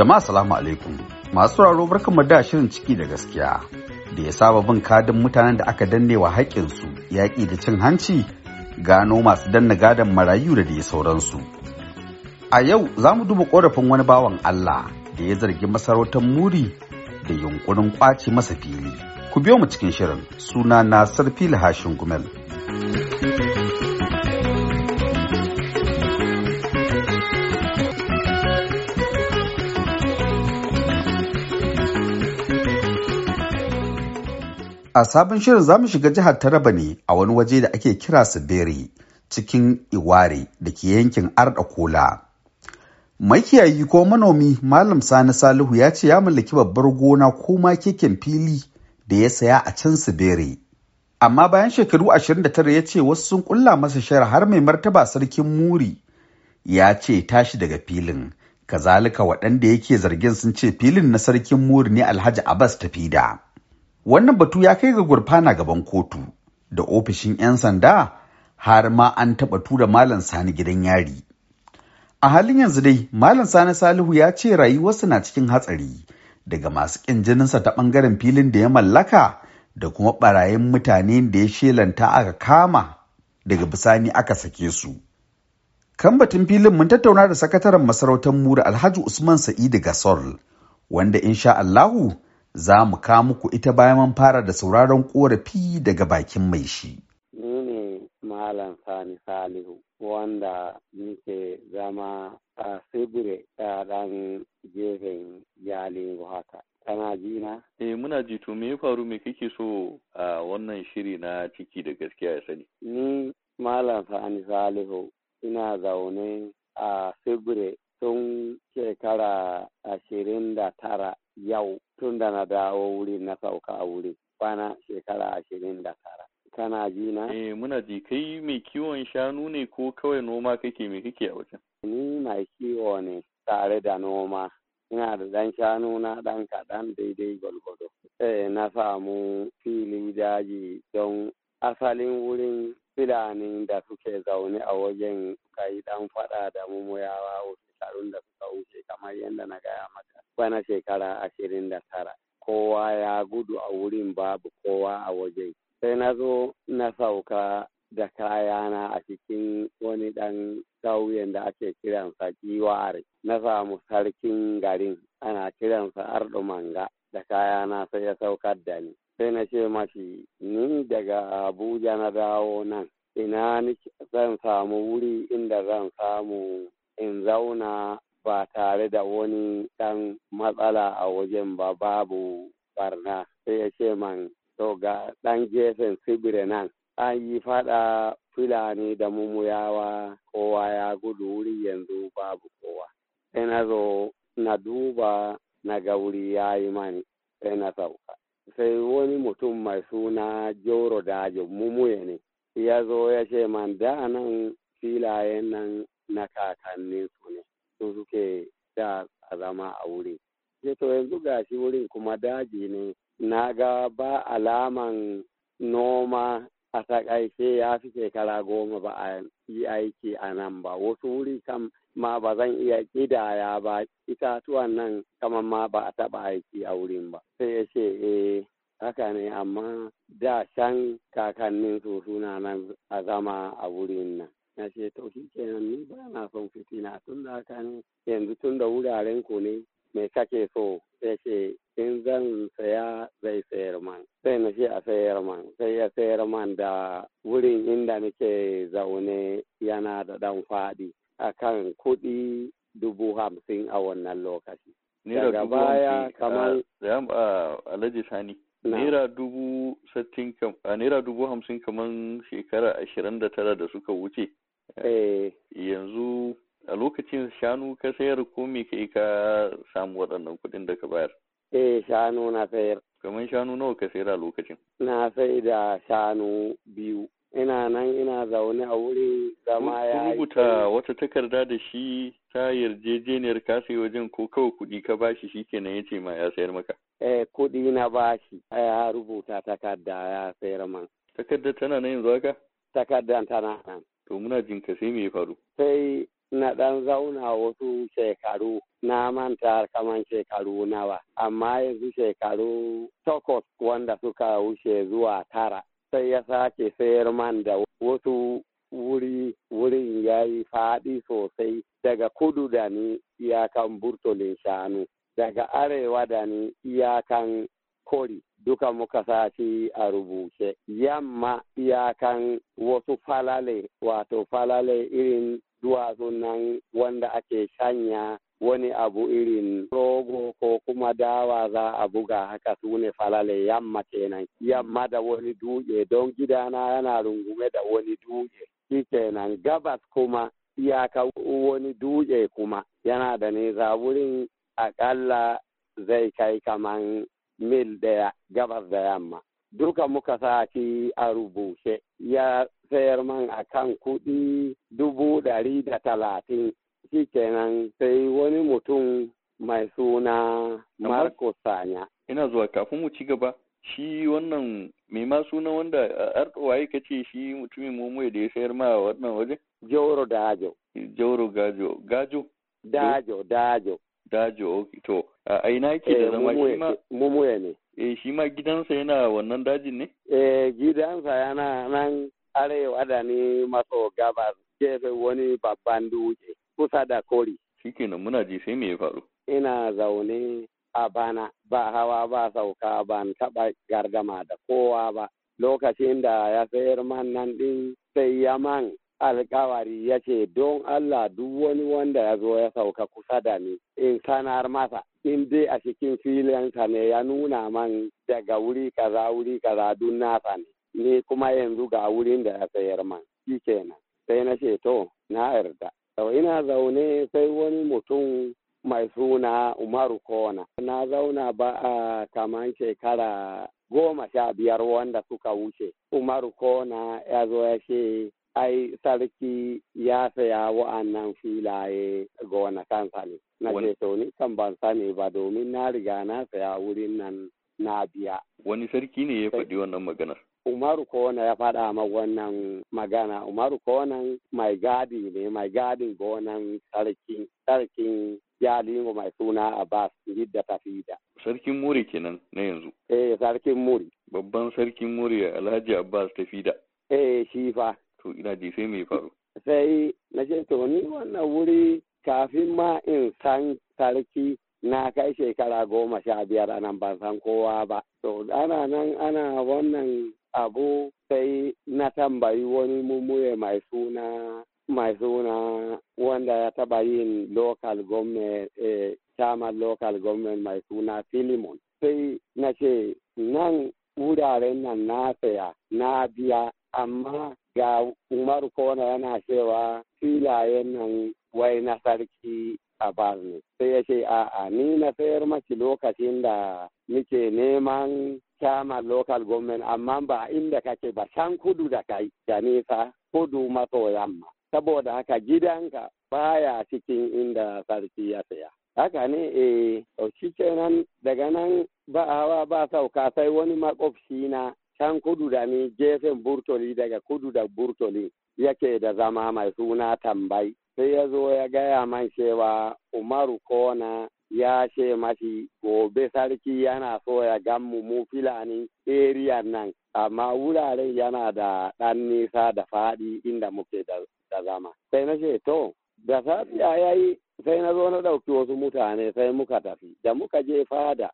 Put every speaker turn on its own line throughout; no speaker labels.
Jama'a salamu alaikum. Masu sauraro mu da shirin ciki da gaskiya. Da ya saba bin kadin mutanen da aka danne wa haƙƙinsu yaƙi da cin hanci gano masu danna gadon marayu da dai sauransu. A yau za mu duba ƙorafin wani bawan Allah da ya zargi masarautar muri da yunkurin ƙwace masa fili. Ku biyo mu cikin shirin suna na Sarfil Hashin Gumel. A sabon shirin za mu shiga jihar Taraba ne a wani waje da ake kira Sibiri cikin Iware da ke yankin Arda Kola. Makiyayi ko manomi Malam Sani Salihu ya ce ya mallaki babbar gona ko ma keken fili da ya saya a can Sibiri. Amma bayan shekaru ashirin da tara ya ce wasu sun kulla masa shara har mai martaba sarkin muri ya ce tashi daga filin. Kazalika waɗanda yake zargin sun ce filin na sarkin muri ne Alhaji Abbas ta fida wannan batu ya kai ga gurfana gaban kotu da ofishin 'yan sanda har ma an taɓa tura malam sani gidan yari a halin yanzu dai malam sani salihu ya ce rayuwarsa na cikin hatsari daga masu ƙin jininsa ta ɓangaren filin da ya mallaka da kuma ɓarayin mutane da ya shelanta aka kama daga bisani aka sake su kan batun filin mun tattauna da sakataren masarautar mura alhaji usman sa'idu gasol wanda insha allahu za mu ka muku ita bayan man fara da sauraron korafi daga bakin mai shi. Ni
ne Malam Sani Salihu wanda nike zama a Sibire a ɗan gefen Jalingo haka. Kana ji na?
Eh muna ji to me ya faru me kake so a wannan shiri na ciki da gaskiya ya sani?
Ni Malam Sani Salihu ina zaune a Sibire tun shekara ashirin da tara yau tun da na dawo wuri
na sauka a wuri kwana shekara ashirin da tara kana ji na? Eh muna ji kai mai kiwon shanu ne ko kawai noma kake me kake a wajen? Ni mai kiwo
ne tare da noma. Ina da ɗan shanu na ɗan kaɗan daidai gwalgwado. Eh na samu fili daji don asalin wurin filanin da suke zaune a wajen ka yi ɗan faɗa da mummuyawa shekarun da suka wuce kamar yadda na gaya maka bana shekara ashirin da tara kowa ya gudu a wurin babu kowa a wajen sai na zo na sauka da kayana a cikin wani ɗan ƙauyen da ake kiransa giware na samu sarkin garin ana kiransa manga da kayana sai ya saukar da ni sai na ce mashi ni daga abuja na dawo nan ina zan samu wuri inda zan samu in zauna ba tare da wani ɗan matsala a wajen ba babu barna sai ya ce man to ga ɗan gefen sibire nan an yi faɗa fulani da mumuyawa kowa ya gudu wuri yanzu babu kowa sai na zo na duba na ga wuri ya yi mani sai na sauka sai wani mutum mai suna Jauro Dajo mumuye ne ya zo ya ce man da nan filayen nan na kakannin su ne su suke da a zama a wuri Ce to yanzu gashi wurin kuma daji ne na ga ba alaman noma a takaice ya fi shekara goma ba a yi aiki a nan ba wasu wuri kam ma ba zan iya kidaya ba itatuwan nan kamar ma ba a taɓa aiki a wurin ba sai ya ce eh haka ne amma da can kakannin su suna nan a zama a wurin nan na ce to shi kenan ni ba na son fitina tun da haka ne yanzu tun da wuraren ne me kake so ya ce in zan saya zai sayar man sai na shi a sayar man sai ya sayar man da wurin inda nake zaune yana da dan faɗi kan kuɗi dubu
hamsin a wannan lokaci
daga baya kamar
alhaji sani Naira dubu Naira dubu hamsin kamar shekara ashirin da tara da suka wuce. Eh. Yanzu a lokacin shanu ka sayar ko me kai ka samu waɗannan kuɗin da ka bayar
eh shanu na sayar
kamar shanu nawa ka sayar a lokacin
na sai da shanu biyu ina nan ina zaune a wuri zama ya yi rubuta
wata takarda da shi ta yarjejeniyar ka sai wajen ko kawai kuɗi ka bashi shikenan ya ce ma ya sayar maka eh kuɗi na
bashi ya rubuta takarda ya sayar man Takarda tana nan yanzu haka takardar tana nan
to muna jin ka sai me ya faru
sai na ɗan zauna wasu shekaru na manta kaman shekaru nawa amma yanzu shekaru takwas wanda suka wuce zuwa tara sai ya sake sayar man da wasu wuri wurin ya yi faɗi sosai daga kudu da ni iyakan burtolin shanu daga arewa da ni iyakan kori duka muka sashi a rubuce yamma iyakan wasu falale wato falale irin duwatsu nan wanda ake shanya wani abu irin rogo ko kuma dawa za a buga haka su ne falale yamma kenan yamma da wani dutse don gidana yana rungume da wani dutse shi kenan gabas kuma iyaka wani dutse kuma yana da nisa wurin akalla zai kai kaman mil ɗaya. gabas da yamma duka muka sa shi a rubuce ya sayar man a kan kuɗi dubu ɗari da talatin shi kenan sai
wani mutum mai suna Marco Sanya. Ina zuwa kafin mu ci gaba shi wannan mai ma suna wanda arɗowaye ka ce shi mutumin mummuwa da ya sayar ma wannan waje? Jauro Dajo. Jauro Gajo. Gajo? Dajo, Dajo. dajo to a ina yake da eh, zama shi ma mumuya ne eh shi ma gidansa yana wannan dajin ne
eh gidansa yana nan arewa da ne maso gabas gefe wani babban duje kusa da kori shikenan
muna ji sai me ya faru
ina zaune a bana ba hawa ba sauka ban taba gargama da kowa ba lokacin da ya sayar man nan din sai ya man alkawari ya ce don Allah duk wani wanda ya zo ya sauka kusa da ni in sanar masa in dai a cikin filinsa ne ya nuna man daga wuri kaza wuri kaza duk nasa ne ni kuma yanzu ga wurin da ya sayar man shi kenan sai na ce to na yarda sau ina zaune sai wani mutum mai suna umaru kona na zauna ba a kaman shekara goma sha biyar wanda suka wuce umaru kona ya zo ya ce ai sarki ya saya wa'annan filaye kansa ne na ce to ni kan ban sani ba domin na riga na saya wurin nan na biya
wani sarki ne ya faɗi wannan magana?
Umaru Kona ya faɗa ma wannan magana. Umaru Kona mai gadi ne, mai gadin gonan sarkin, sarkin Jalingo mai suna Abbas Hidda Tafida.
Sarkin Muri kenan na yanzu.
Eh, sarkin Muri.
Babban sarkin Muri Alhaji Abbas Tafida. Eh, shi fa. ina ji sai mai faru
sai na ce to ni wannan wuri kafin ma in san sarki na kai shekara goma sha biyar anan ban san kowa ba to ana nan ana wannan abu sai na tambayi wani mummuye mai suna mai suna wanda ya taba yin local government eh, local government mai suna filimon sai na ce nan wuraren nan na saya na biya amma ga umaru kona yana cewa filayen nan wai na sarki a bani. sai ya ce a'a ni na sayar maki lokacin da muke neman chairman local government amma ba inda kake ba can kudu da kai da nisa kudu maso yamma saboda haka gidanka baya cikin inda sarki ya saya haka ne eh shi kenan daga nan ba hawa ba sauka sai wani makofi na kan kudu da ni gefen burtoli daga kudu da burtoli yake da zama mai suna tambayi. sai ya zo ya gaya man cewa umaru kona ya ce mashi gobe sarki yana so ya gammu mu filani eriyan nan amma wuraren yana da ɗan nisa da faɗi inda muke da zama sai na ce to da safiya ya yi sai na zo na ɗauki wasu mutane sai muka tafi da muka je fada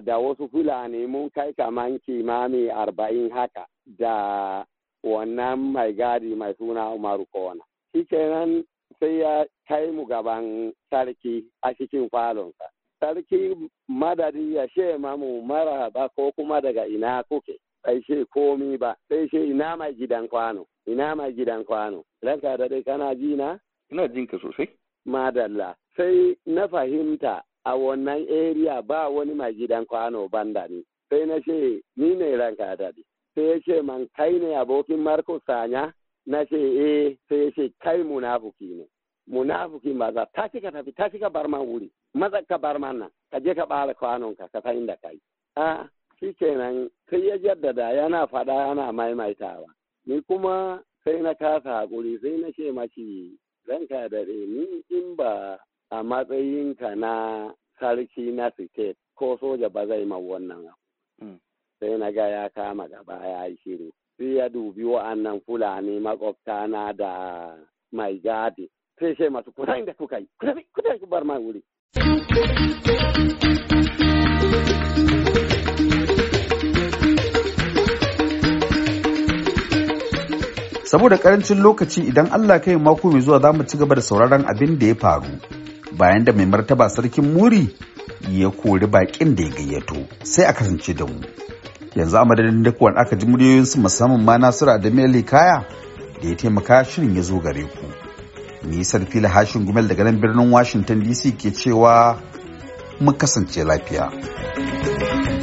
da wasu fulani mun kai kaman kimami arba'in haka da wannan mai gadi mai suna umaru kona shi kenan sai ya kai mu gaban sarki a cikin falonsa sarki madadi ya she mamu maraba ko kuma daga ina kuke sai she komi ba sai she ina mai gidan kwano ina mai gidan kwano ranka da dai kana ji na ina jinka sosai madalla sai na fahimta a wannan area ba wani mai gidan kwano banda ne sai na ce ni ne ranka daɗi sai ya ce man kai ne abokin marko sanya na ce eh sai ya ce kai munafuki ne munafuki za ta ka tafi ta ka bar man wuri maza ka bar man nan ka je ka bala kwanon ka san inda kai a shi kenan sai ya jaddada yana faɗa yana maimaitawa ni kuma sai na kasa hakuri sai na ce mashi ranka da ni in ba a matsayinka na sarki na siket ko soja ba zai ma wannan abu. Hmm. Sai na ga ya kama gaba ya yi shiru. Sai ya dubi wa'annan Fulani makwabta na da mai gadi. Sai masu kusa inda kuka yi, kusa bar ma
wuri. saboda karancin lokaci idan allah kai mako mai zuwa za ci gaba da sauraron abin da ya faru bayan da mai martaba sarkin muri ya kori bakin da ya gayyato sai a kasance da mu yanzu a madadin dakuwan aka ji muryoyinsu musamman ma nasira da mai kaya da ya taimaka shirin ya zo gare ku nisan fili hashin gumel daga nan birnin washington dc ke cewa mu kasance lafiya.